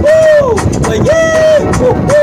Woo! But yeah! Woo! woo.